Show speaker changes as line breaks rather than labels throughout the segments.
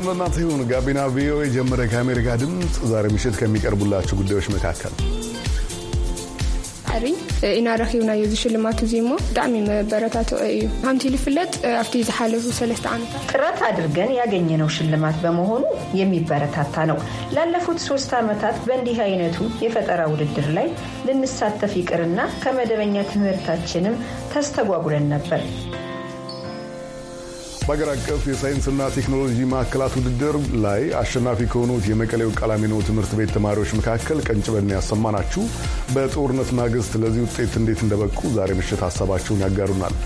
ሰላም ለእናንተ ይሁን። ጋቢና ቪኦኤ ጀመረ። ከአሜሪካ ድምፅ ዛሬ ምሽት ከሚቀርቡላችሁ ጉዳዮች መካከል
ሕሪ ኢናረኪብና ዩ ሽልማት እዚ ሞ ብጣዕሚ መበረታት እዩ ከምቲ ዝፍለጥ ኣብቲ ዝሓለፉ ሰለስተ ዓመታት ጥረት አድርገን ያገኘነው ሽልማት በመሆኑ የሚበረታታ ነው። ላለፉት ሶስት ዓመታት በእንዲህ አይነቱ የፈጠራ ውድድር ላይ ልንሳተፍ ይቅርና ከመደበኛ ትምህርታችንም ተስተጓጉለን ነበር።
በአገር አቀፍ የሳይንስና ቴክኖሎጂ ማዕከላት ውድድር ላይ አሸናፊ ከሆኑት የመቀሌው ቃላሚኖ ትምህርት ቤት ተማሪዎች መካከል ቀንጭበን ያሰማናችሁ በጦርነት ማግስት ለዚህ ውጤት እንዴት እንደበቁ ዛሬ ምሽት ሀሳባቸውን ያጋሩናል።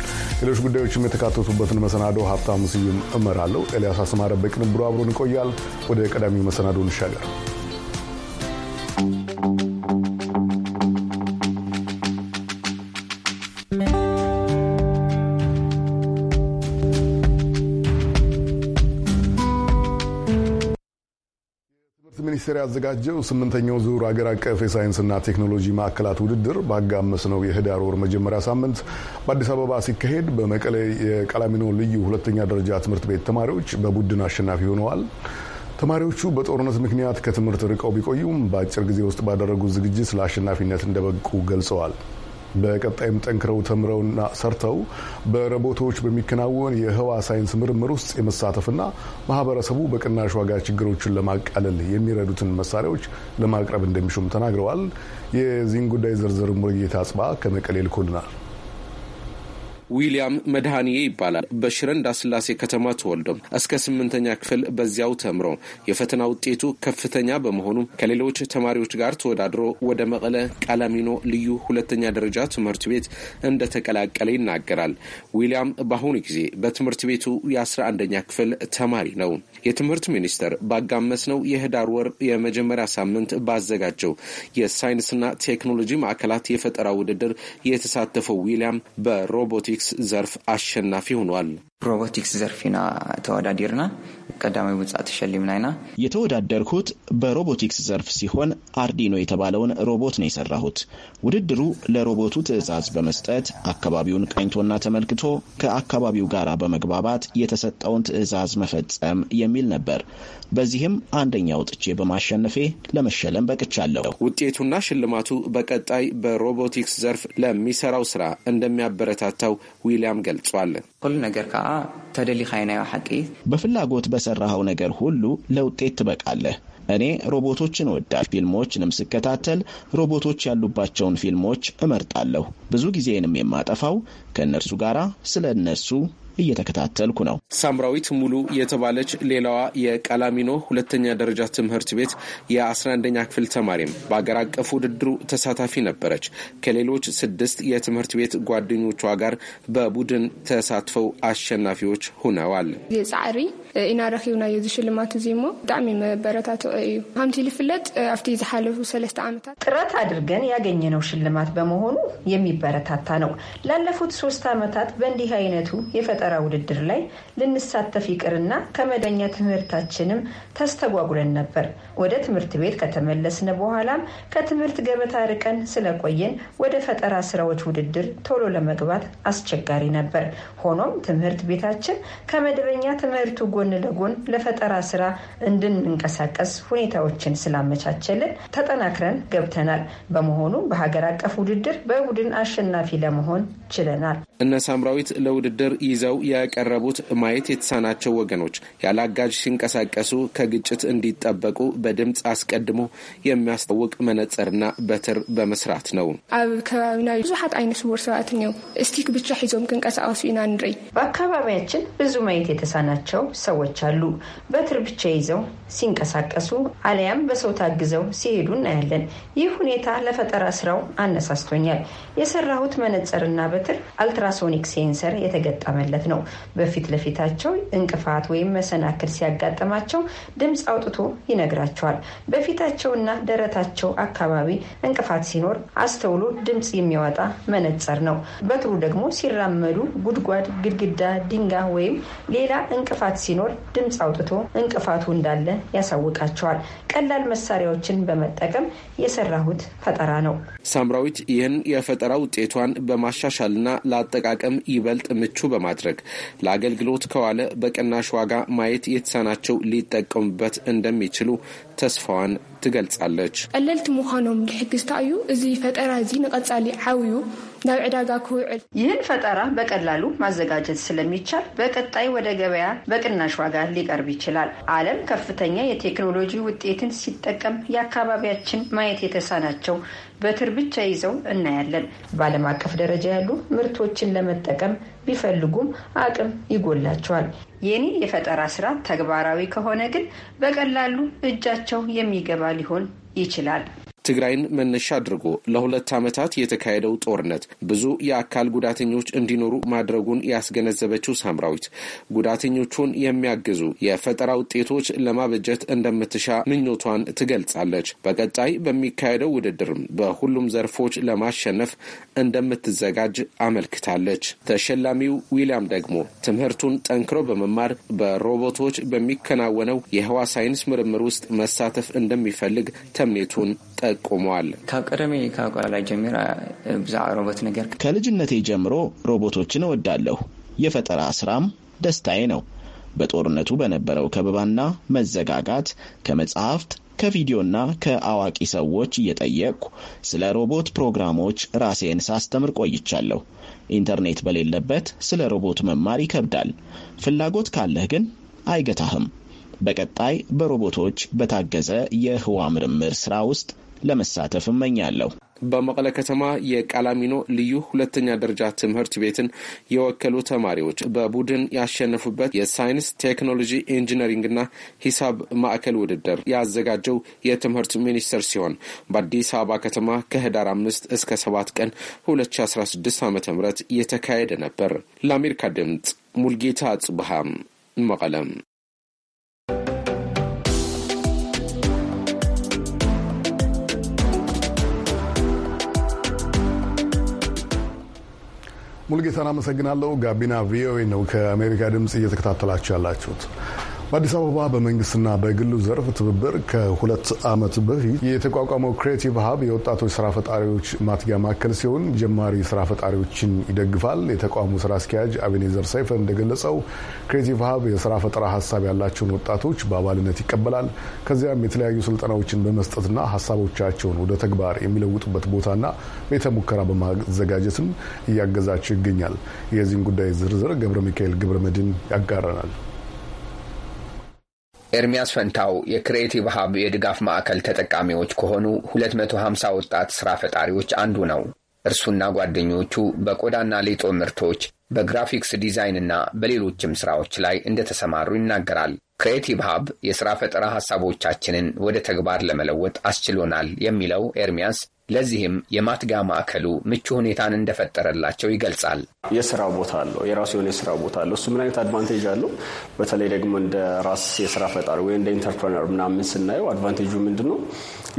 ሌሎች ጉዳዮችም የተካተቱበትን መሰናዶ ሀብታሙ ስዩም እመራለሁ። ኤልያስ አስማረ በቅንብሩ አብሮን ይቆያል። ወደ ቀዳሚው መሰናዶ እንሻገር። ሚኒስቴር ያዘጋጀው ስምንተኛው ዙር አገር አቀፍ የሳይንስና ቴክኖሎጂ ማዕከላት ውድድር ነው የህዳር ወር መጀመሪያ ሳምንት በአዲስ አበባ ሲካሄድ በመቀለ የቀላሚኖ ልዩ ሁለተኛ ደረጃ ትምህርት ቤት ተማሪዎች በቡድን አሸናፊ ሆነዋል። ተማሪዎቹ በጦርነት ምክንያት ከትምህርት ርቀው ቢቆዩም በአጭር ጊዜ ውስጥ ባደረጉት ዝግጅት ለአሸናፊነት እንደበቁ ገልጸዋል። በቀጣይም ጠንክረው ተምረውና ሰርተው በረቦቶች በሚከናወን የህዋ ሳይንስ ምርምር ውስጥ የመሳተፍና ማህበረሰቡ በቅናሽ ዋጋ ችግሮችን ለማቃለል የሚረዱትን መሳሪያዎች ለማቅረብ እንደሚሹም ተናግረዋል። የዚህን ጉዳይ ዝርዝር ሙሉጌታ አጽባ ከመቀሌ ልኮልናል።
ዊሊያም መድኃኒዬ ይባላል። በሽረ እንዳስላሴ ከተማ ተወልዶም እስከ ስምንተኛ ክፍል በዚያው ተምሮ የፈተና ውጤቱ ከፍተኛ በመሆኑ ከሌሎች ተማሪዎች ጋር ተወዳድሮ ወደ መቀለ ቃላሚኖ ልዩ ሁለተኛ ደረጃ ትምህርት ቤት እንደተቀላቀለ ይናገራል። ዊሊያም በአሁኑ ጊዜ በትምህርት ቤቱ የአስራ አንደኛ ክፍል ተማሪ ነው። የትምህርት ሚኒስቴር ነው የህዳር ወር የመጀመሪያ ሳምንት ባዘጋጀው የሳይንስና ቴክኖሎጂ ማዕከላት የፈጠራ ውድድር የተሳተፈው ዊሊያም በሮቦቲክስ ሮቦቲክስ ዘርፍ አሸናፊ ሆኗል። ሮቦቲክስ ዘርፍና ተወዳዲርና
ቀዳማዊ ምጻ ተሸሊምና አይና የተወዳደርኩት በሮቦቲክስ ዘርፍ ሲሆን አርዲኖ የተባለውን ሮቦት ነው የሰራሁት። ውድድሩ ለሮቦቱ ትዕዛዝ በመስጠት አካባቢውን ቃኝቶና ተመልክቶ ከአካባቢው ጋር በመግባባት የተሰጠውን ትዕዛዝ መፈጸም የሚል ነበር። በዚህም አንደኛ ወጥቼ በማሸነፌ ለመሸለም
በቅቻለሁ። ውጤቱና ሽልማቱ በቀጣይ በሮቦቲክስ ዘርፍ ለሚሰራው ስራ እንደሚያበረታታው ዊልያም ገልጿል። ሁሉ ነገር ከዓ ተደሊካይናዮ ሓቂ
በፍላጎት ለሰራኸው ነገር ሁሉ ለውጤት ትበቃለህ። እኔ ሮቦቶችን እወዳለሁ። ፊልሞችንም ስከታተል ሮቦቶች ያሉባቸውን ፊልሞች እመርጣለሁ። ብዙ ጊዜንም የማጠፋው ከእነርሱ ጋር ስለ እነሱ እየተከታተልኩ ነው።
ሳምራዊት ሙሉ የተባለች ሌላዋ የቀላሚኖ ሁለተኛ ደረጃ ትምህርት ቤት የ11ኛ ክፍል ተማሪም በአገር አቀፍ ውድድሩ ተሳታፊ ነበረች። ከሌሎች ስድስት የትምህርት ቤት ጓደኞቿ ጋር በቡድን ተሳትፈው አሸናፊዎች ሆነዋል።
የጻዕሪ ኢና ረኪብናዮ ዝሽልማት እዚ ሞ ብጣዕሚ መበረታትዒ እዩ ከምቲ ዝፍለጥ ኣብቲ ዝሓለፉ ሰለስተ ዓመታት ጥረት ኣድርገን ያገኘነው ሽልማት በመሆኑ የሚበረታታ ነው። ላለፉት ሶስት ዓመታት በእንዲህ አይነቱ የፈጠራ ውድድር ላይ ልንሳተፍ ይቅርና ከመደኛ ትምህርታችንም ተስተጓጉለን ነበር። ወደ ትምህርት ቤት ከተመለስን በኋላም ከትምህርት ገበታ ርቀን ስለቆየን ወደ ፈጠራ ስራዎች ውድድር ቶሎ ለመግባት አስቸጋሪ ነበር። ሆኖም ትምህርት ቤታችን ከመደበኛ ትምህርቱ ጎ ጎን ለጎን ለፈጠራ ስራ እንድንንቀሳቀስ ሁኔታዎችን ስላመቻቸልን ተጠናክረን ገብተናል። በመሆኑ በሀገር አቀፍ ውድድር በቡድን አሸናፊ ለመሆን ችለናል።
እነ ሳምራዊት ለውድድር ይዘው ያቀረቡት ማየት የተሳናቸው ወገኖች ያለ አጋዥ ሲንቀሳቀሱ ከግጭት እንዲጠበቁ በድምፅ አስቀድሞ የሚያስታውቅ መነጽርና በትር በመስራት ነው።
ኣብ ከባቢና ብዙሓት ዓይነት ስውር ሰባት እኒው እስቲክ ብቻ ሒዞም ክንቀሳቀሱ ኢና ንርኢ። በአካባቢያችን ብዙ ማየት የተሳናቸው ሰዎች አሉ። በትር ብቻ ይዘው ሲንቀሳቀሱ አሊያም በሰው ታግዘው ሲሄዱ እናያለን። ይህ ሁኔታ ለፈጠራ ስራው አነሳስቶኛል። የሰራሁት መነጽርና በ በትር አልትራሶኒክ ሴንሰር የተገጠመለት ነው። በፊት ለፊታቸው እንቅፋት ወይም መሰናክል ሲያጋጠማቸው ድምፅ አውጥቶ ይነግራቸዋል። በፊታቸውና ደረታቸው አካባቢ እንቅፋት ሲኖር አስተውሎ ድምፅ የሚያወጣ መነጽር ነው። በትሩ ደግሞ ሲራመዱ ጉድጓድ፣ ግድግዳ፣ ድንጋይ ወይም ሌላ እንቅፋት ሲኖር ድምፅ አውጥቶ እንቅፋቱ እንዳለ ያሳውቃቸዋል። ቀላል መሳሪያዎችን በመጠቀም የሰራሁት ፈጠራ ነው።
ሳምራዊት ይህን የፈጠራ ውጤቷን በማሻሻል ለማሻሻልና ለአጠቃቀም ይበልጥ ምቹ በማድረግ ለአገልግሎት ከዋለ በቅናሽ ዋጋ ማየት የተሳናቸው ሊጠቀሙበት እንደሚችሉ ተስፋዋን ትገልጻለች።
ቀለልቲ ምዃኖም ዝሕግዝታ እዩ እዚ ፈጠራ እዚ ንቐጻሊ ዓብዩ ናብ ዕዳጋ ክውዕል ይህን ፈጠራ በቀላሉ ማዘጋጀት ስለሚቻል በቀጣይ ወደ ገበያ በቅናሽ ዋጋ ሊቀርብ ይችላል። ዓለም ከፍተኛ የቴክኖሎጂ ውጤትን ሲጠቀም የአካባቢያችን ማየት የተሳናቸው በትር ብቻ ይዘው እናያለን። በዓለም አቀፍ ደረጃ ያሉ ምርቶችን ለመጠቀም ቢፈልጉም አቅም ይጎላቸዋል። የኔ የፈጠራ ስራ ተግባራዊ ከሆነ ግን በቀላሉ እጃቸው የሚገባ ሊሆን ይችላል።
ትግራይን መነሻ አድርጎ ለሁለት ዓመታት የተካሄደው ጦርነት ብዙ የአካል ጉዳተኞች እንዲኖሩ ማድረጉን ያስገነዘበችው ሳምራዊት ጉዳተኞቹን የሚያግዙ የፈጠራ ውጤቶች ለማበጀት እንደምትሻ ምኞቷን ትገልጻለች። በቀጣይ በሚካሄደው ውድድርም በሁሉም ዘርፎች ለማሸነፍ እንደምትዘጋጅ አመልክታለች። ተሸላሚው ዊሊያም ደግሞ ትምህርቱን ጠንክሮ በመማር በሮቦቶች በሚከናወነው የህዋ ሳይንስ ምርምር ውስጥ መሳተፍ እንደሚፈልግ ተምኔቱን
ጠ ጠቁመዋል። ካብ ቀደመ ካብ ቃላይ ጀሚራ ብዛዕባ ሮቦት
ነገር ከልጅነቴ ጀምሮ
ሮቦቶችን እወዳለሁ። የፈጠራ ስራም ደስታዬ ነው። በጦርነቱ በነበረው ከበባና መዘጋጋት ከመጽሐፍት ከቪዲዮና ከአዋቂ ሰዎች እየጠየቅኩ ስለ ሮቦት ፕሮግራሞች ራሴን ሳስተምር ቆይቻለሁ። ኢንተርኔት በሌለበት ስለ ሮቦት መማር ይከብዳል። ፍላጎት ካለህ ግን አይገታህም። በቀጣይ በሮቦቶች በታገዘ የህዋ ምርምር ስራ ውስጥ ለመሳተፍ እመኛለሁ።
በመቀለ ከተማ የቃላሚኖ ልዩ ሁለተኛ ደረጃ ትምህርት ቤትን የወከሉ ተማሪዎች በቡድን ያሸነፉበት የሳይንስ ቴክኖሎጂ፣ ኢንጂነሪንግና ሂሳብ ማዕከል ውድድር ያዘጋጀው የትምህርት ሚኒስቴር ሲሆን በአዲስ አበባ ከተማ ከህዳር አምስት እስከ ሰባት ቀን 2016 ዓ ም የተካሄደ ነበር። ለአሜሪካ ድምፅ ሙልጌታ ጽብሃም መቀለም
ሙልጌታን አመሰግናለሁ። ጋቢና ቪኦኤ ነው ከአሜሪካ ድምፅ እየተከታተላችሁ ያላችሁት። በአዲስ አበባ በመንግስትና በግሉ ዘርፍ ትብብር ከሁለት ዓመት በፊት የተቋቋመው ክሬቲቭ ሀብ የወጣቶች ስራ ፈጣሪዎች ማትጊያ ማዕከል ሲሆን ጀማሪ ስራ ፈጣሪዎችን ይደግፋል። የተቋሙ ስራ አስኪያጅ አቤኔዘር ሰይፈ እንደገለጸው ክሬቲቭ ሀብ የስራ ፈጠራ ሀሳብ ያላቸውን ወጣቶች በአባልነት ይቀበላል። ከዚያም የተለያዩ ስልጠናዎችን በመስጠትና ሀሳቦቻቸውን ወደ ተግባር የሚለውጡበት ቦታና ቤተ ሙከራ በማዘጋጀትም እያገዛቸው ይገኛል። የዚህን ጉዳይ ዝርዝር ገብረ ሚካኤል ገብረ መድን ያጋረናል።
ኤርሚያስ ፈንታው የክሬቲቭ ሀብ የድጋፍ ማዕከል ተጠቃሚዎች ከሆኑ 250 ወጣት ሥራ ፈጣሪዎች አንዱ ነው። እርሱና ጓደኞቹ በቆዳና ሌጦ ምርቶች፣ በግራፊክስ ዲዛይን እና በሌሎችም ሥራዎች ላይ እንደተሰማሩ ይናገራል። ክሬቲቭ ሀብ የሥራ ፈጠራ ሐሳቦቻችንን ወደ ተግባር ለመለወጥ አስችሎናል የሚለው ኤርሚያስ ለዚህም የማትጋ ማዕከሉ ምቹ ሁኔታን እንደፈጠረላቸው ይገልጻል። የስራ ቦታ አለው፣ የራሱ የሆነ የስራ ቦታ አለው። እሱ ምን አይነት አድቫንቴጅ አለው? በተለይ ደግሞ እንደ
ራስ የስራ ፈጣሪ ወይ እንደ ኢንተርፕረነር ምናምን ስናየው አድቫንቴጁ ምንድን ነው?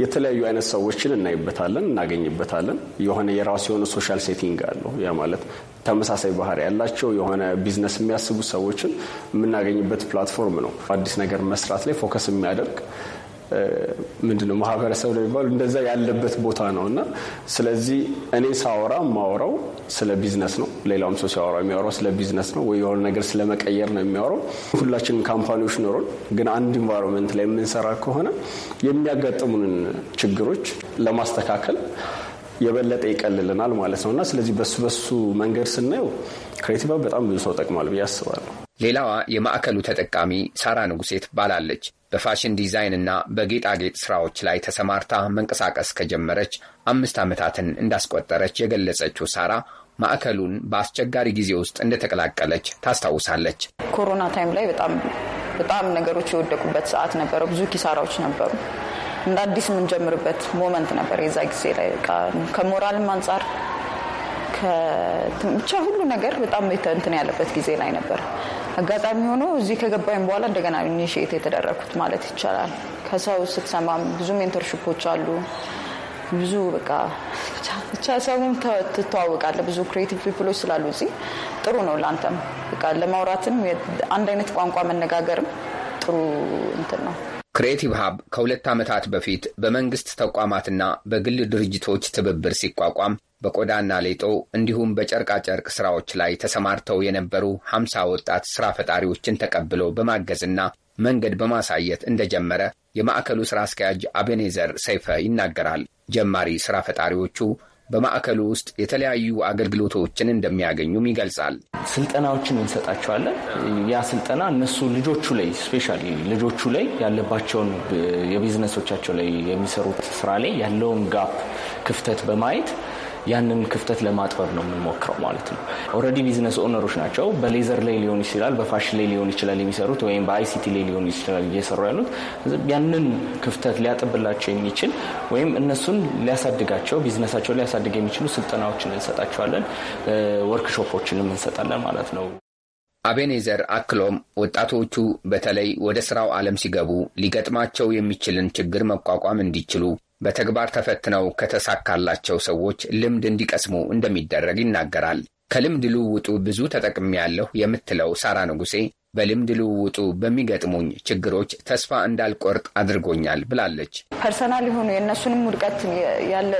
የተለያዩ አይነት ሰዎችን እናይበታለን፣ እናገኝበታለን። የሆነ የራሱ የሆነ ሶሻል ሴቲንግ አለው። ያ ማለት ተመሳሳይ ባህሪ ያላቸው የሆነ ቢዝነስ የሚያስቡ ሰዎችን የምናገኝበት ፕላትፎርም ነው። አዲስ ነገር መስራት ላይ ፎከስ የሚያደርግ ምንድነው ማህበረሰብ ለሚባሉ እንደዛ ያለበት ቦታ ነው እና ስለዚህ እኔ ሳወራ ማወራው ስለ ቢዝነስ ነው። ሌላውም ሰው ሲያወራ የሚያወራው ስለ ቢዝነስ ነው ወይ የሆነ ነገር ስለመቀየር ነው የሚያወራው። ሁላችንም ካምፓኒዎች ኖሮን ግን አንድ ኢንቫይሮንመንት ላይ የምንሰራ ከሆነ የሚያጋጥሙንን ችግሮች ለማስተካከል የበለጠ ይቀልልናል ማለት ነው እና ስለዚህ በሱ በሱ መንገድ
ስናየው ክሬቲቭ በጣም ብዙ ሰው ጠቅሟል ብዬ አስባለሁ። ሌላዋ የማዕከሉ ተጠቃሚ ሳራ ንጉሴ ትባላለች። በፋሽን ዲዛይን እና በጌጣጌጥ ስራዎች ላይ ተሰማርታ መንቀሳቀስ ከጀመረች አምስት ዓመታትን እንዳስቆጠረች የገለጸችው ሳራ ማዕከሉን በአስቸጋሪ ጊዜ ውስጥ እንደተቀላቀለች ታስታውሳለች።
ኮሮና ታይም ላይ በጣም በጣም ነገሮች የወደቁበት ሰዓት ነበረ። ብዙ ኪሳራዎች ነበሩ። እንደ አዲስ የምንጀምርበት ሞመንት ነበር። የዛ ጊዜ ላይ ከሞራልም አንጻር ብቻ ሁሉ ነገር በጣም እንትን ያለበት ጊዜ ላይ ነበር። አጋጣሚ ሆኖ እዚህ ከገባኝ በኋላ እንደገና ኢኒሺዬት የተደረኩት ማለት ይቻላል። ከሰው ስትሰማም ብዙ ሜንተርሽፖች አሉ። ብዙ በቃ ብቻ ሰውም ትተዋወቃለ ብዙ ክሬቲቭ ፒፕሎች ስላሉ እዚህ ጥሩ ነው። ለአንተም በቃ ለማውራትም አንድ አይነት ቋንቋ መነጋገርም ጥሩ እንትን ነው።
ክሬቲቭ ሀብ ከሁለት ዓመታት በፊት በመንግሥት ተቋማትና በግል ድርጅቶች ትብብር ሲቋቋም በቆዳና ሌጦ እንዲሁም በጨርቃጨርቅ ሥራዎች ላይ ተሰማርተው የነበሩ ሐምሳ ወጣት ሥራ ፈጣሪዎችን ተቀብሎ በማገዝና መንገድ በማሳየት እንደጀመረ የማዕከሉ ሥራ አስኪያጅ አቤኔዘር ሰይፈ ይናገራል። ጀማሪ ሥራ ፈጣሪዎቹ በማዕከሉ ውስጥ የተለያዩ አገልግሎቶችን እንደሚያገኙም ይገልጻል። ስልጠናዎችን እንሰጣቸዋለን። ያ ስልጠና እነሱ ልጆቹ ላይ
ስፔሻሊ ልጆቹ ላይ ያለባቸውን የቢዝነሶቻቸው ላይ የሚሰሩት ስራ ላይ ያለውን ጋፕ ክፍተት በማየት ያንን ክፍተት ለማጥበብ ነው የምንሞክረው ማለት ነው። ኦልሬዲ ቢዝነስ ኦነሮች ናቸው። በሌዘር ላይ ሊሆን ይችላል፣ በፋሽን ላይ ሊሆን ይችላል የሚሰሩት ወይም በአይሲቲ ላይ ሊሆን ይችላል እየሰሩ ያሉት ያንን ክፍተት ሊያጥብላቸው የሚችል ወይም እነሱን ሊያሳድጋቸው ቢዝነሳቸውን ሊያሳድግ የሚችሉ ስልጠናዎችን እንሰጣቸዋለን፣
ወርክሾፖችንም እንሰጣለን ማለት ነው። አቤኔዘር አክሎም ወጣቶቹ በተለይ ወደ ስራው ዓለም ሲገቡ ሊገጥማቸው የሚችልን ችግር መቋቋም እንዲችሉ በተግባር ተፈትነው ከተሳካላቸው ሰዎች ልምድ እንዲቀስሙ እንደሚደረግ ይናገራል። ከልምድ ልውውጡ ብዙ ያለሁ የምትለው ሳራ ንጉሴ በልምድ ልውውጡ በሚገጥሙኝ ችግሮች ተስፋ እንዳልቆርጥ አድርጎኛል ብላለች።
ፐርሰናል የሆኑ የእነሱንም ውድቀት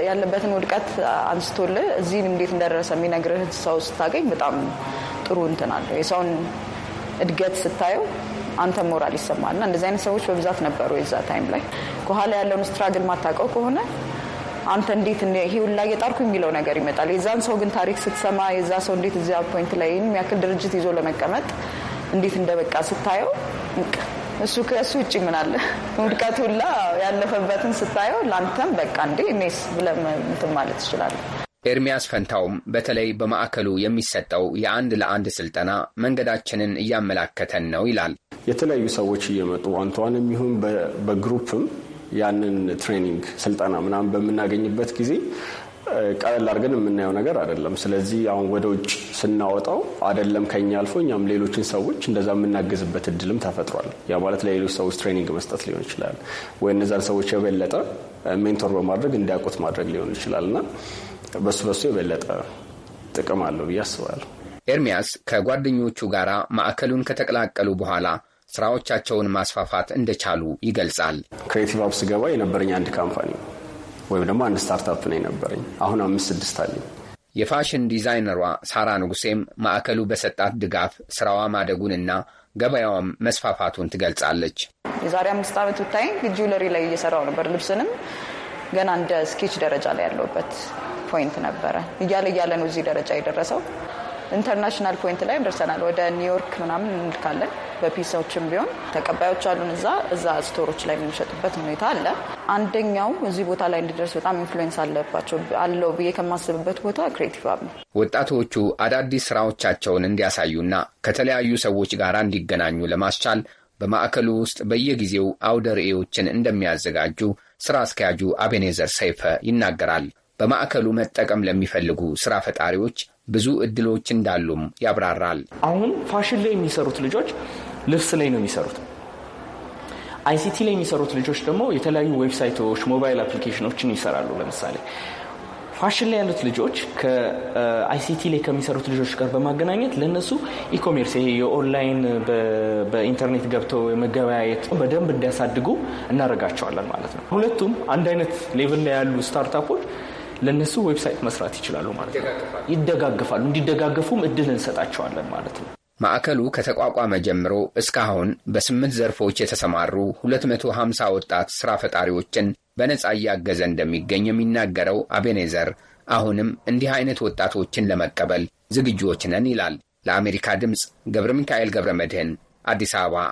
ያለበትን ውድቀት አንስቶልህ እዚህን እንዴት እንደደረሰ የሚነግርህ ሰው ስታገኝ በጣም ጥሩ እንትን አለው። የሰውን እድገት ስታየው አንተ ሞራል ይሰማል። እና እንደዚህ አይነት ሰዎች በብዛት ነበሩ። የዛ ታይም ላይ ከኋላ ያለውን ስትራግል ማታውቀው ከሆነ አንተ እንዴት ይሄ ሁላ እየጣርኩ የሚለው ነገር ይመጣል። የዛን ሰው ግን ታሪክ ስትሰማ የዛ ሰው እንዴት እዚያ ፖይንት ላይ ይህን ያክል ድርጅት ይዞ ለመቀመጥ እንዴት እንደበቃ ስታየው እሱ ከእሱ ውጭ ምን አለ ውድቀት ሁላ ያለፈበትን ስታየው ለአንተም በቃ እንዴ እኔስ ብለህ እንትን ማለት ትችላለህ።
ኤርሚያስ ፈንታውም በተለይ በማዕከሉ የሚሰጠው የአንድ ለአንድ ስልጠና መንገዳችንን እያመላከተን ነው ይላል። የተለያዩ
ሰዎች እየመጡ አንተዋን የሚሆን በግሩፕም
ያንን ትሬኒንግ ስልጠና ምናምን
በምናገኝበት ጊዜ ቀለል አድርገን የምናየው ነገር አይደለም። ስለዚህ አሁን ወደ ውጭ ስናወጣው አይደለም ከኛ አልፎ እኛም ሌሎችን ሰዎች እንደዛ የምናገዝበት እድልም ተፈጥሯል። ያ ማለት ለሌሎች ሰዎች ትሬኒንግ መስጠት ሊሆን ይችላል ወይ እነዛን ሰዎች የበለጠ ሜንቶር በማድረግ
እንዲያውቁት ማድረግ ሊሆን ይችላል እና በሱ በሱ የበለጠ ጥቅም አለው ብዬ አስባለሁ። ኤርሚያስ ከጓደኞቹ ጋር ማዕከሉን ከተቀላቀሉ በኋላ ስራዎቻቸውን ማስፋፋት እንደቻሉ ይገልጻል። ክሬቲቭ ሀብ ስገባ የነበረኝ አንድ ካምፓኒ ወይም ደግሞ አንድ ስታርታፕ ነው የነበረኝ። አሁን አምስት ስድስት አለኝ። የፋሽን ዲዛይነሯ ሳራ ንጉሴም ማዕከሉ በሰጣት ድጋፍ ስራዋ ማደጉንና ገበያዋም መስፋፋቱን
ትገልጻለች። የዛሬ አምስት ዓመት ብታይ ጁለሪ ላይ እየሰራው ነበር። ልብስንም ገና እንደ ስኬች ደረጃ ላይ ያለውበት ፖይንት ነበረ። እያለ እያለ ነው እዚህ ደረጃ የደረሰው። ኢንተርናሽናል ፖይንት ላይ ደርሰናል። ወደ ኒውዮርክ ምናምን እንልካለን በፒሳዎችም ቢሆን ተቀባዮች አሉን። እዛ እዛ ስቶሮች ላይ የምንሸጥበት ሁኔታ አለ። አንደኛው እዚህ ቦታ ላይ እንዲደርስ በጣም ኢንፍሉዌንስ አለባቸው አለው ብዬ ከማስብበት ቦታ ክሬቲቭ ሀብ ነው።
ወጣቶቹ አዳዲስ ስራዎቻቸውን እንዲያሳዩና ከተለያዩ ሰዎች ጋር እንዲገናኙ ለማስቻል በማዕከሉ ውስጥ በየጊዜው አውደ ርዕዮችን እንደሚያዘጋጁ ስራ አስኪያጁ አቤኔዘር ሰይፈ ይናገራል። በማዕከሉ መጠቀም ለሚፈልጉ ስራ ፈጣሪዎች ብዙ እድሎች እንዳሉም ያብራራል። አሁን ፋሽን ላይ የሚሰሩት ልጆች ልብስ ላይ ነው የሚሰሩት።
አይሲቲ ላይ የሚሰሩት ልጆች ደግሞ የተለያዩ ዌብሳይቶች፣ ሞባይል አፕሊኬሽኖችን ይሰራሉ። ለምሳሌ ፋሽን ላይ ያሉት ልጆች ከአይሲቲ ላይ ከሚሰሩት ልጆች ጋር በማገናኘት ለእነሱ ኢኮሜርስ ይሄ የኦንላይን በኢንተርኔት ገብተው የመገበያየት በደንብ እንዲያሳድጉ እናደርጋቸዋለን ማለት ነው። ሁለቱም አንድ አይነት ሌቭል ላይ ያሉ ስታርታፖች ለእነሱ ዌብሳይት መስራት ይችላሉ ማለት ነው። ይደጋግፋሉ። እንዲደጋገፉም
እድል እንሰጣቸዋለን ማለት ነው። ማዕከሉ ከተቋቋመ ጀምሮ እስካሁን በስምንት ዘርፎች የተሰማሩ 250 ወጣት ሥራ ፈጣሪዎችን በነጻ እያገዘ እንደሚገኝ የሚናገረው አቤኔዘር አሁንም እንዲህ አይነት ወጣቶችን ለመቀበል ዝግጁዎች ነን ይላል። ለአሜሪካ ድምፅ ገብረ ሚካኤል ገብረ መድህን አዲስ አበባ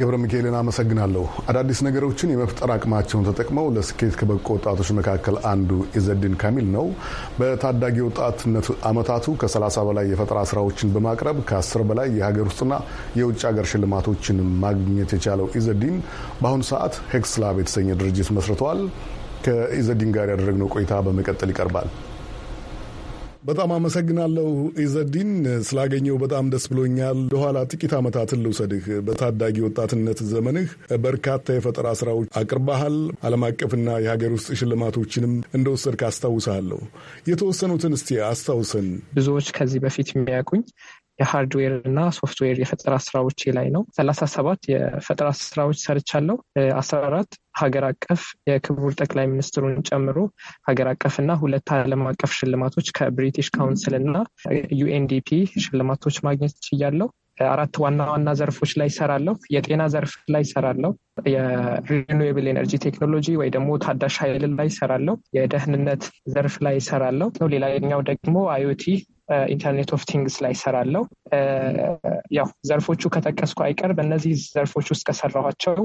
ገብረ ሚካኤልን አመሰግናለሁ። አዳዲስ ነገሮችን የመፍጠር አቅማቸውን ተጠቅመው ለስኬት ከበቁ ወጣቶች መካከል አንዱ ኢዘዲን ካሚል ነው። በታዳጊ ወጣትነት አመታቱ ከ30 በላይ የፈጠራ ስራዎችን በማቅረብ ከ10 በላይ የሀገር ውስጥና የውጭ ሀገር ሽልማቶችን ማግኘት የቻለው ኢዘዲን በአሁኑ ሰዓት ሄክስላብ የተሰኘ ድርጅት መስርተዋል። ከኢዘዲን ጋር ያደረግነው ቆይታ በመቀጠል ይቀርባል። በጣም አመሰግናለሁ ኢዘዲን፣ ስላገኘው በጣም ደስ ብሎኛል። ለኋላ ጥቂት ዓመታትን ልውሰድህ። በታዳጊ ወጣትነት ዘመንህ በርካታ የፈጠራ ስራዎች አቅርባሃል። ዓለም አቀፍና የሀገር ውስጥ ሽልማቶችንም እንደወሰድክ አስታውሳለሁ። የተወሰኑትን እስቲ አስታውሰን። ብዙዎች ከዚህ በፊት የሚያውቁኝ
የሃርድዌር እና ሶፍትዌር የፈጠራ ስራዎቼ ላይ ነው። ሰላሳ ሰባት የፈጠራ ስራዎች ሰርቻለሁ። አስራ አራት ሀገር አቀፍ የክቡር ጠቅላይ ሚኒስትሩን ጨምሮ ሀገር አቀፍ እና ሁለት ዓለም አቀፍ ሽልማቶች ከብሪቲሽ ካውንስል እና ዩኤንዲፒ ሽልማቶች ማግኘት ችያለሁ። አራት ዋና ዋና ዘርፎች ላይ ይሰራለሁ። የጤና ዘርፍ ላይ ይሰራለሁ። የሪኒዌብል ኤነርጂ ቴክኖሎጂ ወይ ደግሞ ታዳሽ ኃይል ላይ ይሰራለሁ። የደህንነት ዘርፍ ላይ ይሰራለሁ። ሌላኛው ደግሞ አዮቲ ኢንተርኔት ኦፍ ቲንግስ ላይ ይሰራለው። ያው ዘርፎቹ ከጠቀስኩ አይቀር በእነዚህ ዘርፎች ውስጥ ከሰራኋቸው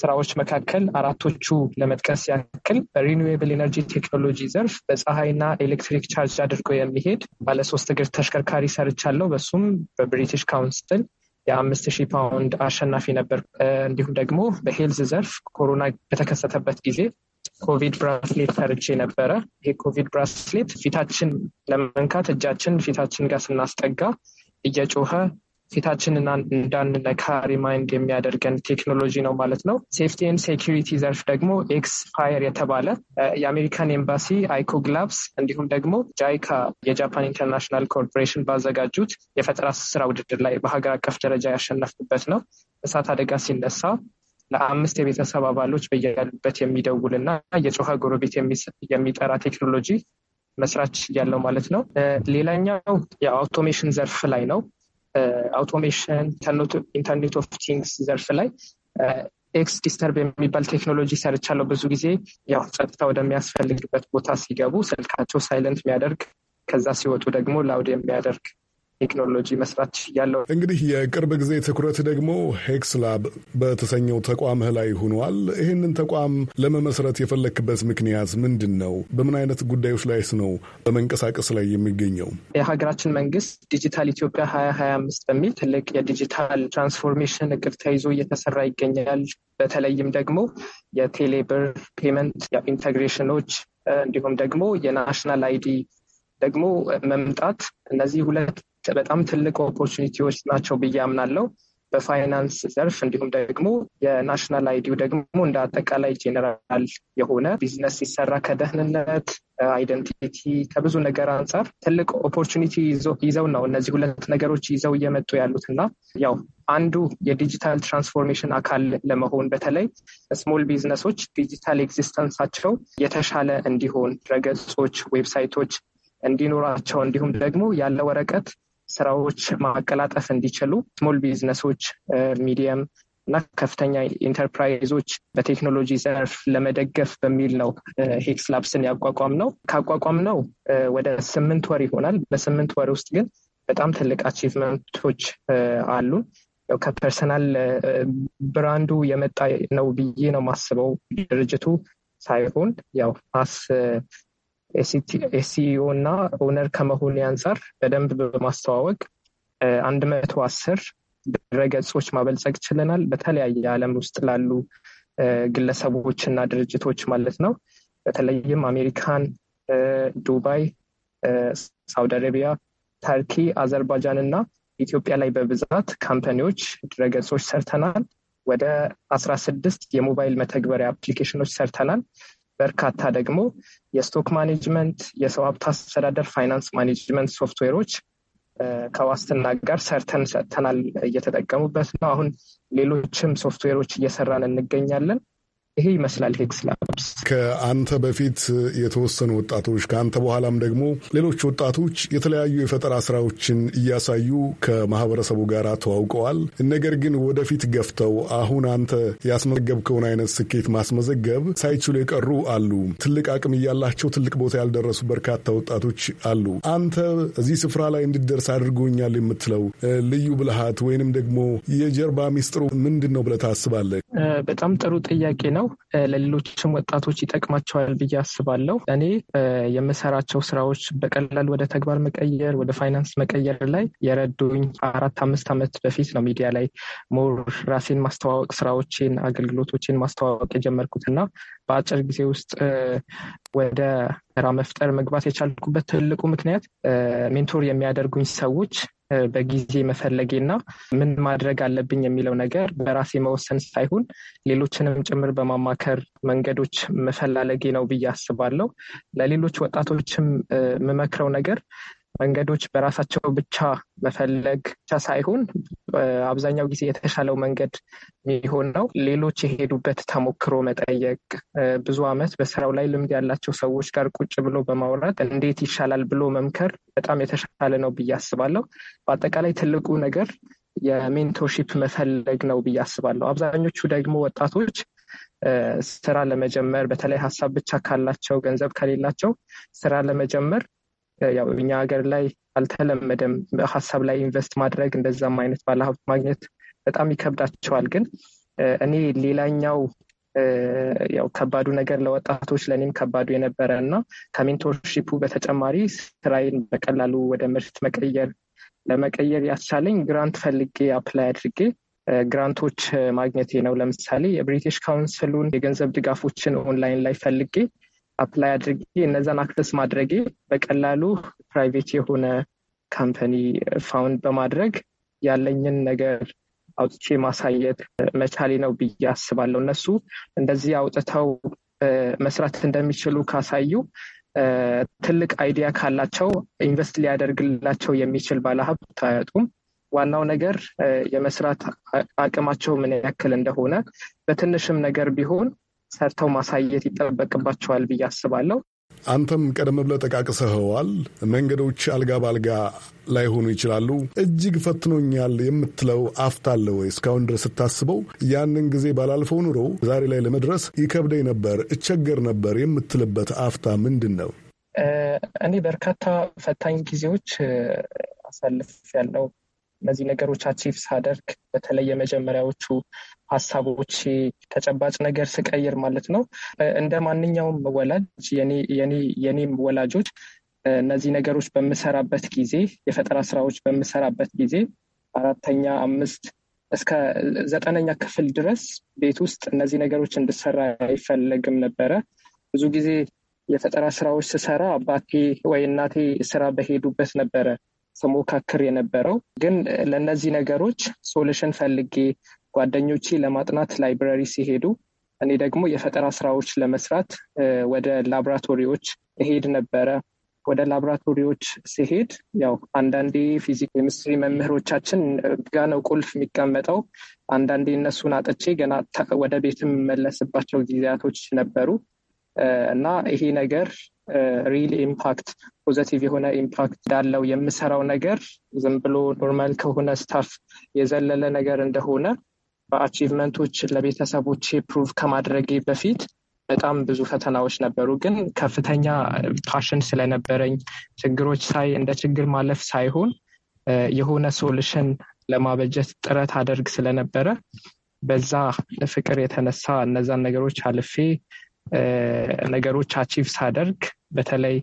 ስራዎች መካከል አራቶቹ ለመጥቀስ ያክል በሪኒዌብል ኤነርጂ ቴክኖሎጂ ዘርፍ በፀሐይና ኤሌክትሪክ ቻርጅ አድርጎ የሚሄድ ባለሶስት እግር ተሽከርካሪ ሰርቻለው። በሱም በብሪቲሽ ካውንስል የአምስት ሺህ ፓውንድ አሸናፊ ነበር። እንዲሁም ደግሞ በሄልዝ ዘርፍ ኮሮና በተከሰተበት ጊዜ ኮቪድ ብራስሌት ሰርቼ ነበረ። ይሄ ኮቪድ ብራስሌት ፊታችን ለመንካት እጃችን ፊታችን ጋር ስናስጠጋ እየጮኸ ፊታችን እንዳንነካ ሪማይንድ የሚያደርገን ቴክኖሎጂ ነው ማለት ነው። ሴፍቲ ኤንድ ሴኪሪቲ ዘርፍ ደግሞ ኤክስ ፋየር የተባለ የአሜሪካን ኤምባሲ አይኮ ግላብስ እንዲሁም ደግሞ ጃይካ የጃፓን ኢንተርናሽናል ኮርፖሬሽን ባዘጋጁት የፈጠራ ስራ ውድድር ላይ በሀገር አቀፍ ደረጃ ያሸነፍኩበት ነው። እሳት አደጋ ሲነሳ ለአምስት የቤተሰብ አባሎች በያሉበት የሚደውልና የጮኸ ጎረቤት የሚጠራ ቴክኖሎጂ መስራች ያለው ማለት ነው። ሌላኛው የአውቶሜሽን ዘርፍ ላይ ነው። አውቶሜሽን ኢንተርኔት ኦፍ ቲንግስ ዘርፍ ላይ ኤክስ ዲስተርብ የሚባል ቴክኖሎጂ ሰርቻለሁ። ብዙ ጊዜ ያው ጸጥታ ወደሚያስፈልግበት ቦታ ሲገቡ ስልካቸው ሳይለንት የሚያደርግ ከዛ ሲወጡ ደግሞ ላውድ የሚያደርግ ቴክኖሎጂ መስራት
ያለው እንግዲህ የቅርብ ጊዜ ትኩረት ደግሞ ሄክስ ላብ በተሰኘው ተቋምህ ላይ ሆኗል። ይህንን ተቋም ለመመስረት የፈለክበት ምክንያት ምንድን ነው? በምን አይነት ጉዳዮች ላይስ ነው በመንቀሳቀስ ላይ የሚገኘው?
የሀገራችን መንግስት ዲጂታል ኢትዮጵያ ሀያ ሀያ አምስት በሚል ትልቅ የዲጂታል ትራንስፎርሜሽን እቅድ ተይዞ እየተሰራ ይገኛል። በተለይም ደግሞ የቴሌብር ፔመንት ኢንተግሬሽኖች እንዲሁም ደግሞ የናሽናል አይዲ ደግሞ መምጣት እነዚህ ሁለት በጣም ትልቅ ኦፖርቹኒቲዎች ናቸው ብዬ አምናለው። በፋይናንስ ዘርፍ እንዲሁም ደግሞ የናሽናል አይዲው ደግሞ እንደ አጠቃላይ ጄኔራል የሆነ ቢዝነስ ሲሰራ ከደህንነት አይደንቲቲ፣ ከብዙ ነገር አንጻር ትልቅ ኦፖርቹኒቲ ይዘው ነው እነዚህ ሁለት ነገሮች ይዘው እየመጡ ያሉት እና ያው አንዱ የዲጂታል ትራንስፎርሜሽን አካል ለመሆን በተለይ ስሞል ቢዝነሶች ዲጂታል ኤግዚስተንሳቸው የተሻለ እንዲሆን ድረገጾች፣ ዌብሳይቶች እንዲኖራቸው እንዲሁም ደግሞ ያለ ወረቀት ስራዎች ማቀላጠፍ እንዲችሉ ስሞል ቢዝነሶች፣ ሚዲየም እና ከፍተኛ ኢንተርፕራይዞች በቴክኖሎጂ ዘርፍ ለመደገፍ በሚል ነው ሄክስ ላብስን ያቋቋም ነው። ካቋቋም ነው ወደ ስምንት ወር ይሆናል። በስምንት ወር ውስጥ ግን በጣም ትልቅ አቺቭመንቶች አሉ። ከፐርሰናል ብራንዱ የመጣ ነው ብዬ ነው ማስበው ድርጅቱ ሳይሆን ያው ማስ ሲኦ እና ኦነር ከመሆን አንጻር በደንብ በማስተዋወቅ አንድ መቶ አስር ድረገጾች ማበልጸግ ችለናል። በተለያየ ዓለም ውስጥ ላሉ ግለሰቦች እና ድርጅቶች ማለት ነው። በተለይም አሜሪካን፣ ዱባይ፣ ሳውዲ አረቢያ፣ ተርኪ፣ አዘርባጃን እና ኢትዮጵያ ላይ በብዛት ካምፓኒዎች ድረገጾች ሰርተናል። ወደ አስራ ስድስት የሞባይል መተግበሪያ አፕሊኬሽኖች ሰርተናል። በርካታ ደግሞ የስቶክ ማኔጅመንት፣ የሰው ሀብት አስተዳደር፣ ፋይናንስ ማኔጅመንት ሶፍትዌሮች ከዋስትና ጋር ሰርተን ሰጥተናል፣ እየተጠቀሙበት ነው። አሁን ሌሎችም ሶፍትዌሮች እየሰራን እንገኛለን።
ይሄ ይመስላል ቴክስ ላብስ። ከአንተ በፊት የተወሰኑ ወጣቶች ከአንተ በኋላም ደግሞ ሌሎች ወጣቶች የተለያዩ የፈጠራ ስራዎችን እያሳዩ ከማህበረሰቡ ጋር ተዋውቀዋል። ነገር ግን ወደፊት ገፍተው አሁን አንተ ያስመዘገብከውን አይነት ስኬት ማስመዘገብ ሳይችሉ የቀሩ አሉ። ትልቅ አቅም እያላቸው ትልቅ ቦታ ያልደረሱ በርካታ ወጣቶች አሉ። አንተ እዚህ ስፍራ ላይ እንድደርስ አድርጎኛል የምትለው ልዩ ብልሃት ወይንም ደግሞ የጀርባ ሚስጥሩ ምንድን ነው ብለህ ታስባለህ? በጣም ጥሩ
ጥያቄ ነው። ነው። ለሌሎችም ወጣቶች ይጠቅማቸዋል ብዬ አስባለሁ። እኔ የምሰራቸው ስራዎች በቀላል ወደ ተግባር መቀየር፣ ወደ ፋይናንስ መቀየር ላይ የረዱኝ አራት አምስት ዓመት በፊት ነው ሚዲያ ላይ ሞር ራሴን ማስተዋወቅ ስራዎቼን፣ አገልግሎቶቼን ማስተዋወቅ የጀመርኩት እና በአጭር ጊዜ ውስጥ ወደ ስራ መፍጠር መግባት የቻልኩበት ትልቁ ምክንያት ሜንቶር የሚያደርጉኝ ሰዎች በጊዜ መፈለጌና ምን ማድረግ አለብኝ የሚለው ነገር በራሴ መወሰን ሳይሆን ሌሎችንም ጭምር በማማከር መንገዶች መፈላለጌ ነው ብዬ አስባለሁ። ለሌሎች ወጣቶችም የምመክረው ነገር መንገዶች በራሳቸው ብቻ መፈለግ ብቻ ሳይሆን አብዛኛው ጊዜ የተሻለው መንገድ የሚሆን ነው ሌሎች የሄዱበት ተሞክሮ መጠየቅ፣ ብዙ ዓመት በስራው ላይ ልምድ ያላቸው ሰዎች ጋር ቁጭ ብሎ በማውራት እንዴት ይሻላል ብሎ መምከር በጣም የተሻለ ነው ብዬ አስባለሁ። በአጠቃላይ ትልቁ ነገር የሜንቶርሺፕ መፈለግ ነው ብዬ አስባለሁ። አብዛኞቹ ደግሞ ወጣቶች ስራ ለመጀመር በተለይ ሀሳብ ብቻ ካላቸው ገንዘብ ከሌላቸው ስራ ለመጀመር ያው እኛ ሀገር ላይ አልተለመደም። ሀሳብ ላይ ኢንቨስት ማድረግ እንደዛም አይነት ባለሀብት ማግኘት በጣም ይከብዳቸዋል። ግን እኔ ሌላኛው ያው ከባዱ ነገር ለወጣቶች ለእኔም ከባዱ የነበረ እና ከሜንቶርሺፑ በተጨማሪ ስራዬን በቀላሉ ወደ ምርት መቀየር ለመቀየር ያስቻለኝ ግራንት ፈልጌ አፕላይ አድርጌ ግራንቶች ማግኘቴ ነው። ለምሳሌ የብሪቲሽ ካውንስሉን የገንዘብ ድጋፎችን ኦንላይን ላይ ፈልጌ አፕላይ አድርጌ እነዛን አክሰስ ማድረጌ በቀላሉ ፕራይቬት የሆነ ካምፓኒ ፋውንድ በማድረግ ያለኝን ነገር አውጥቼ ማሳየት መቻሌ ነው ብዬ አስባለሁ። እነሱ እንደዚህ አውጥተው መስራት እንደሚችሉ ካሳዩ ትልቅ አይዲያ ካላቸው ኢንቨስት ሊያደርግላቸው የሚችል ባለሀብት አያጡም። ዋናው ነገር የመስራት አቅማቸው ምን ያክል እንደሆነ በትንሽም ነገር ቢሆን ሰርተው ማሳየት ይጠበቅባቸዋል ብዬ አስባለሁ።
አንተም ቀደም ብለህ ጠቃቅሰኸዋል። መንገዶች አልጋ በአልጋ ላይሆኑ ይችላሉ። እጅግ ፈትኖኛል የምትለው አፍታ አለ ወይ? እስካሁን ድረስ ስታስበው ያንን ጊዜ ባላልፈው ኑሮ ዛሬ ላይ ለመድረስ ይከብደኝ ነበር፣ እቸገር ነበር የምትልበት አፍታ ምንድን ነው?
እኔ በርካታ ፈታኝ ጊዜዎች አሳልፍ ያለው እነዚህ ነገሮች አቺቭ ሳደርግ በተለይ የመጀመሪያዎቹ ሀሳቦች ተጨባጭ ነገር ስቀይር ማለት ነው። እንደ ማንኛውም ወላጅ የኔም ወላጆች እነዚህ ነገሮች በምሰራበት ጊዜ የፈጠራ ስራዎች በምሰራበት ጊዜ አራተኛ፣ አምስት እስከ ዘጠነኛ ክፍል ድረስ ቤት ውስጥ እነዚህ ነገሮች እንድሰራ አይፈለግም ነበረ። ብዙ ጊዜ የፈጠራ ስራዎች ስሰራ አባቴ ወይ እናቴ ስራ በሄዱበት ነበረ ስሞካክር የነበረው። ግን ለእነዚህ ነገሮች ሶሉሽን ፈልጌ ጓደኞቼ ለማጥናት ላይብረሪ ሲሄዱ እኔ ደግሞ የፈጠራ ስራዎች ለመስራት ወደ ላብራቶሪዎች እሄድ ነበረ። ወደ ላብራቶሪዎች ሲሄድ ያው አንዳንዴ ፊዚክ፣ ኬሚስትሪ መምህሮቻችን ጋ ነው ቁልፍ የሚቀመጠው። አንዳንዴ እነሱን አጥቼ ገና ወደ ቤት የምመለስባቸው ጊዜያቶች ነበሩ እና ይሄ ነገር ሪል ኢምፓክት ፖዘቲቭ የሆነ ኢምፓክት እንዳለው የምሰራው ነገር ዝም ብሎ ኖርማል ከሆነ ስታፍ የዘለለ ነገር እንደሆነ አቺቭመንቶችን ለቤተሰቦቼ ፕሩቭ ከማድረጌ በፊት በጣም ብዙ ፈተናዎች ነበሩ። ግን ከፍተኛ ፓሽን ስለነበረኝ ችግሮች ሳይ እንደ ችግር ማለፍ ሳይሆን የሆነ ሶሉሽን ለማበጀት ጥረት አደርግ ስለነበረ በዛ ፍቅር የተነሳ እነዛን ነገሮች አልፌ ነገሮች አቺቭ ሳደርግ በተለይ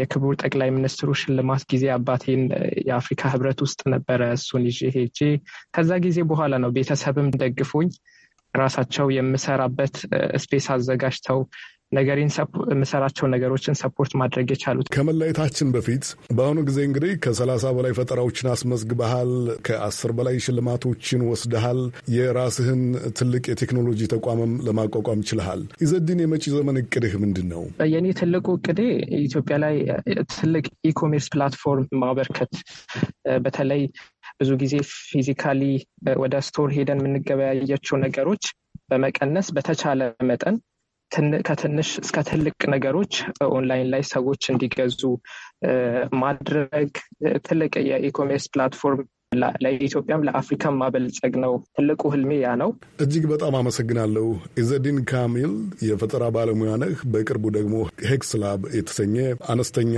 የክቡር ጠቅላይ ሚኒስትሩ ሽልማት ጊዜ አባቴን የአፍሪካ ህብረት ውስጥ ነበረ እሱን ይዤ ሄጄ ከዛ ጊዜ በኋላ ነው ቤተሰብም ደግፎኝ ራሳቸው የምሰራበት ስፔስ አዘጋጅተው ነገሬን የምሰራቸው ነገሮችን ሰፖርት ማድረግ የቻሉት።
ከመለየታችን በፊት በአሁኑ ጊዜ እንግዲህ ከሰላሳ በላይ ፈጠራዎችን አስመዝግበሃል። ከአስር በላይ ሽልማቶችን ወስደሃል። የራስህን ትልቅ የቴክኖሎጂ ተቋምም ለማቋቋም ችልሃል። ኢዘዲን የመጪ ዘመን እቅድህ ምንድን ነው?
የኔ ትልቁ እቅዴ ኢትዮጵያ ላይ ትልቅ ኢኮሜርስ ፕላትፎርም ማበርከት በተለይ ብዙ ጊዜ ፊዚካሊ ወደ ስቶር ሄደን የምንገበያያቸው ነገሮች በመቀነስ በተቻለ መጠን ከትንሽ እስከ ትልቅ ነገሮች ኦንላይን ላይ ሰዎች እንዲገዙ ማድረግ ትልቅ የኢኮሜርስ ፕላትፎርም ለኢትዮጵያም ለአፍሪካም ማበልጸግ ነው። ትልቁ ህልሜ ያ ነው።
እጅግ በጣም አመሰግናለሁ። ኢዘዲን ካሚል የፈጠራ ባለሙያ ነህ። በቅርቡ ደግሞ ላብ የተሰኘ አነስተኛ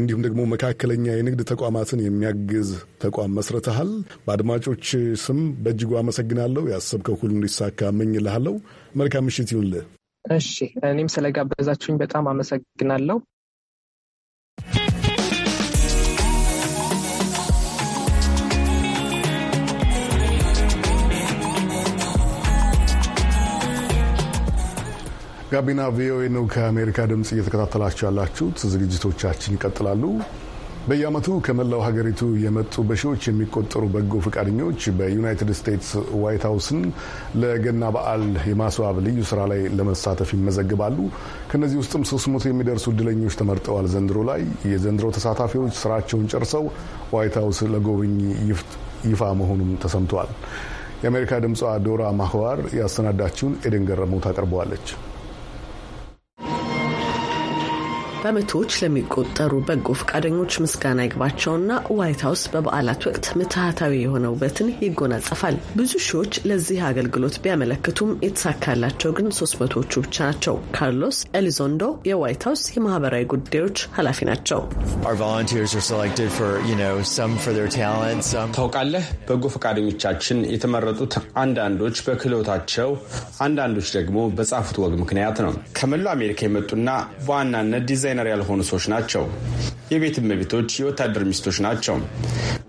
እንዲሁም ደግሞ መካከለኛ የንግድ ተቋማትን የሚያግዝ ተቋም መስረተሃል። በአድማጮች ስም በእጅጉ አመሰግናለሁ። ያሰብከው ሁሉ እንዲሳካ እመኝልሃለሁ። መልካም ምሽት ይሁንልህ።
እሺ እኔም ስለጋበዛችሁኝ በጣም አመሰግናለሁ።
ጋቢና ቪኦኤ ነው ከአሜሪካ ድምፅ እየተከታተላችሁ ያላችሁት። ዝግጅቶቻችን ይቀጥላሉ። በየዓመቱ ከመላው ሀገሪቱ የመጡ በሺዎች የሚቆጠሩ በጎ ፈቃደኞች በዩናይትድ ስቴትስ ዋይት ሀውስን ለገና በዓል የማስዋብ ልዩ ስራ ላይ ለመሳተፍ ይመዘግባሉ። ከእነዚህ ውስጥም 300 የሚደርሱ እድለኞች ተመርጠዋል። ዘንድሮ ላይ የዘንድሮ ተሳታፊዎች ስራቸውን ጨርሰው ዋይት ሀውስ ለጎብኝ ይፋ መሆኑም ተሰምተዋል። የአሜሪካ ድምጿ ዶራ ማህዋር ያሰናዳችውን ኤደን ገረመው ታቀርበዋለች። በመቶዎች
ለሚቆጠሩ በጎ ፈቃደኞች ምስጋና ይግባቸውና ዋይት ሀውስ በበዓላት ወቅት ምትሃታዊ የሆነ ውበትን ይጎናጸፋል። ብዙ ሺዎች ለዚህ አገልግሎት ቢያመለክቱም የተሳካላቸው ግን ሶስት መቶዎቹ ብቻ ናቸው። ካርሎስ ኤሊዞንዶ የዋይት ሀውስ የማህበራዊ ጉዳዮች ኃላፊ ናቸው። ታውቃለህ፣
በጎ ፈቃደኞቻችን የተመረጡት አንዳንዶች በክህሎታቸው፣ አንዳንዶች ደግሞ በጻፉት ወግ ምክንያት ነው። ከመላው አሜሪካ የመጡና በዋናነት ዲዛይን ዲዛይነር ያልሆኑ ሰዎች ናቸው። የቤት እመቤቶች የወታደር ሚስቶች ናቸው።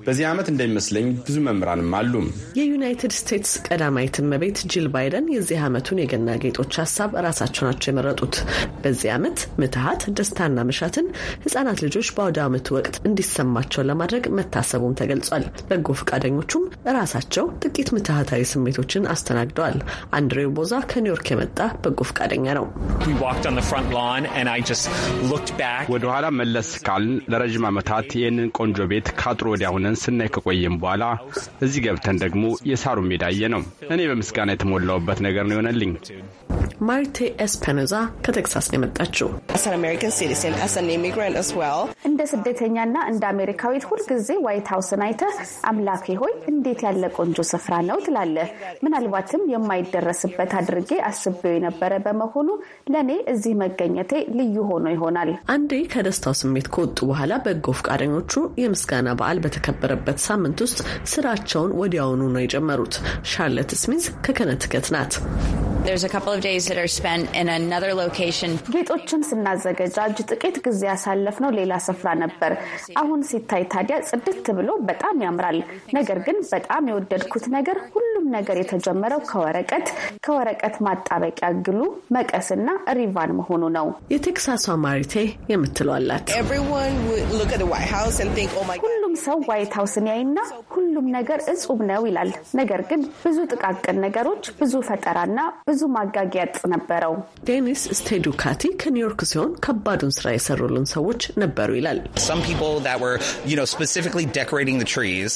በዚህ ዓመት እንደሚመስለኝ ብዙ መምህራንም አሉ።
የዩናይትድ ስቴትስ ቀዳማዊት እመቤት ጂል ባይደን የዚህ ዓመቱን የገና ጌጦች ሀሳብ ራሳቸው ናቸው የመረጡት። በዚህ ዓመት ምትሃት፣ ደስታና መሻትን ህጻናት ልጆች በአውደ ዓመቱ ወቅት እንዲሰማቸው ለማድረግ መታሰቡም ተገልጿል። በጎ ፈቃደኞቹም ራሳቸው ጥቂት ምትሃታዊ ስሜቶችን አስተናግደዋል። አንድሬው ቦዛ ከኒውዮርክ የመጣ በጎ ፈቃደኛ ነው።
ወደኋላ መለስ ካልን ለረዥም ዓመታት ይህንን ቆንጆ ቤት ካጥሮ ወዲያ ስናይ ከቆየም በኋላ እዚህ ገብተን ደግሞ የሳሩ ሜዳየ ነው። እኔ በምስጋና የተሞላውበት ነገር ነው ይሆነልኝ።
ማርቴ ኤስፐኖዛ ከቴክሳስ ነው የመጣችው።
እንደ ስደተኛና እንደ አሜሪካዊት ሁልጊዜ ዋይት ሀውስን አይተህ አምላኬ ሆይ እንዴት ያለ ቆንጆ ስፍራ ነው ትላለህ። ምናልባትም የማይደረስበት አድርጌ አስቤው የነበረ በመሆኑ ለእኔ እዚህ መገኘቴ ልዩ ሆኖ ይሆናል።
አንዴ ከደስታው ስሜት ከወጡ ከወጡ በኋላ በጎ ፈቃደኞቹ የምስጋና በዓል በተከበረበት ሳምንት ውስጥ ስራቸውን ወዲያውኑ ነው የጀመሩት። ሻርለት ስሚዝ ከከነትከት ናት።
ጌጦችን ስናዘገጃጅ ጥቂት ጊዜ ያሳለፍነው ሌላ ስፍራ ነበር። አሁን ሲታይ ታዲያ ጽድት ብሎ በጣም ያምራል። ነገር ግን በጣም የወደድኩት ነገር ሁሉም ነገር የተጀመረው ከወረቀት ከወረቀት ማጣበቂያ
ግሉ፣ መቀስና ሪቫን መሆኑ ነው። የቴክሳሷ ማሪቴ የምትለዋላት
Everyone would look at the White House and think, oh my God. ሰው ዋይት ሀውስን ያይና ሁሉም ነገር እጹብ ነው ይላል። ነገር ግን ብዙ ጥቃቅን ነገሮች፣ ብዙ ፈጠራና ብዙ ማጋጊያ
ነበረው። ዴኒስ ስቴዱካቲ ከኒውዮርክ ሲሆን ከባዱን ስራ የሰሩልን ሰዎች ነበሩ ይላል።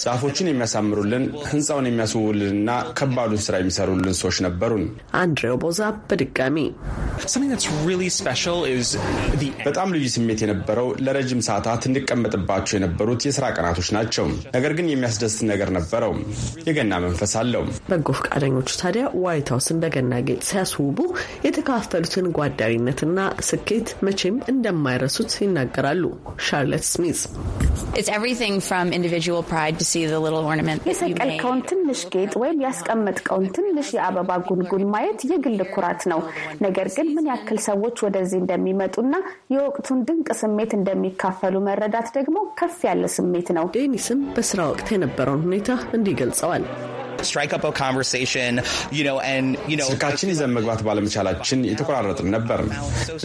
ዛፎችን የሚያሳምሩልን፣ ህንፃውን የሚያስውውልንና ከባዱን ስራ የሚሰሩልን ሰዎች ነበሩን።
አንድሬው ቦዛ በድጋሚ በጣም ልዩ ስሜት የነበረው
ለረጅም ሰዓታት እንቀመጥባቸው የነበሩት የስራ ቀናት ቀናቶች ናቸው። ነገር ግን የሚያስደስት ነገር ነበረው። የገና መንፈስ አለው።
በጎ ፈቃደኞቹ ታዲያ ዋይት ሀውስን በገና ጌጥ ሲያስውቡ የተካፈሉትን ጓዳሪነትና ስኬት መቼም እንደማይረሱት ይናገራሉ። ሻርለት ስሚዝ
የሰቀልከውን ትንሽ ጌጥ ወይም ያስቀመጥከውን ትንሽ የአበባ ጉንጉን ማየት የግል ኩራት ነው። ነገር ግን ምን ያክል ሰዎች ወደዚህ እንደሚመጡና የወቅቱን ድንቅ ስሜት እንደሚካፈሉ መረዳት ደግሞ ከፍ ያለ ስሜት ነው። ነው። ዴኒስም
በስራ ወቅት የነበረውን ሁኔታ
እንዲህ
ገልጸዋል። ስልካችን ይዘን መግባት ባለመቻላችን የተቆራረጥን ነበር።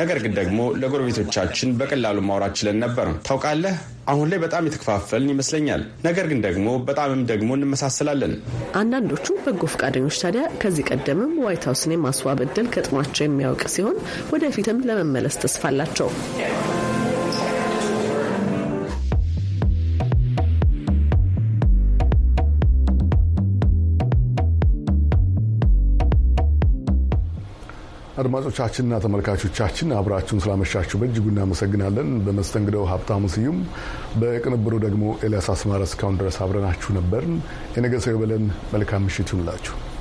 ነገር ግን ደግሞ ለጎረቤቶቻችን በቀላሉ ማውራት ችለን ነበር። ታውቃለህ፣ አሁን ላይ በጣም የተከፋፈልን ይመስለኛል። ነገር ግን ደግሞ በጣምም ደግሞ
እንመሳሰላለን። አንዳንዶቹ በጎ ፈቃደኞች ታዲያ ከዚህ ቀደምም ዋይት ሀውስን የማስዋብ እድል ገጥሟቸው የሚያውቅ ሲሆን ወደፊትም ለመመለስ ተስፋ አላቸው።
አድማጮቻችንና ተመልካቾቻችን አብራችሁን ስላመሻችሁ በእጅጉ እናመሰግናለን። በመስተንግደው ሀብታሙ ስዩም፣ በቅንብሩ ደግሞ ኤልያስ አስማረ። እስካሁን ድረስ አብረናችሁ ነበርን። የነገ ሰው ይበለን። መልካም ምሽት ይሁንላችሁ።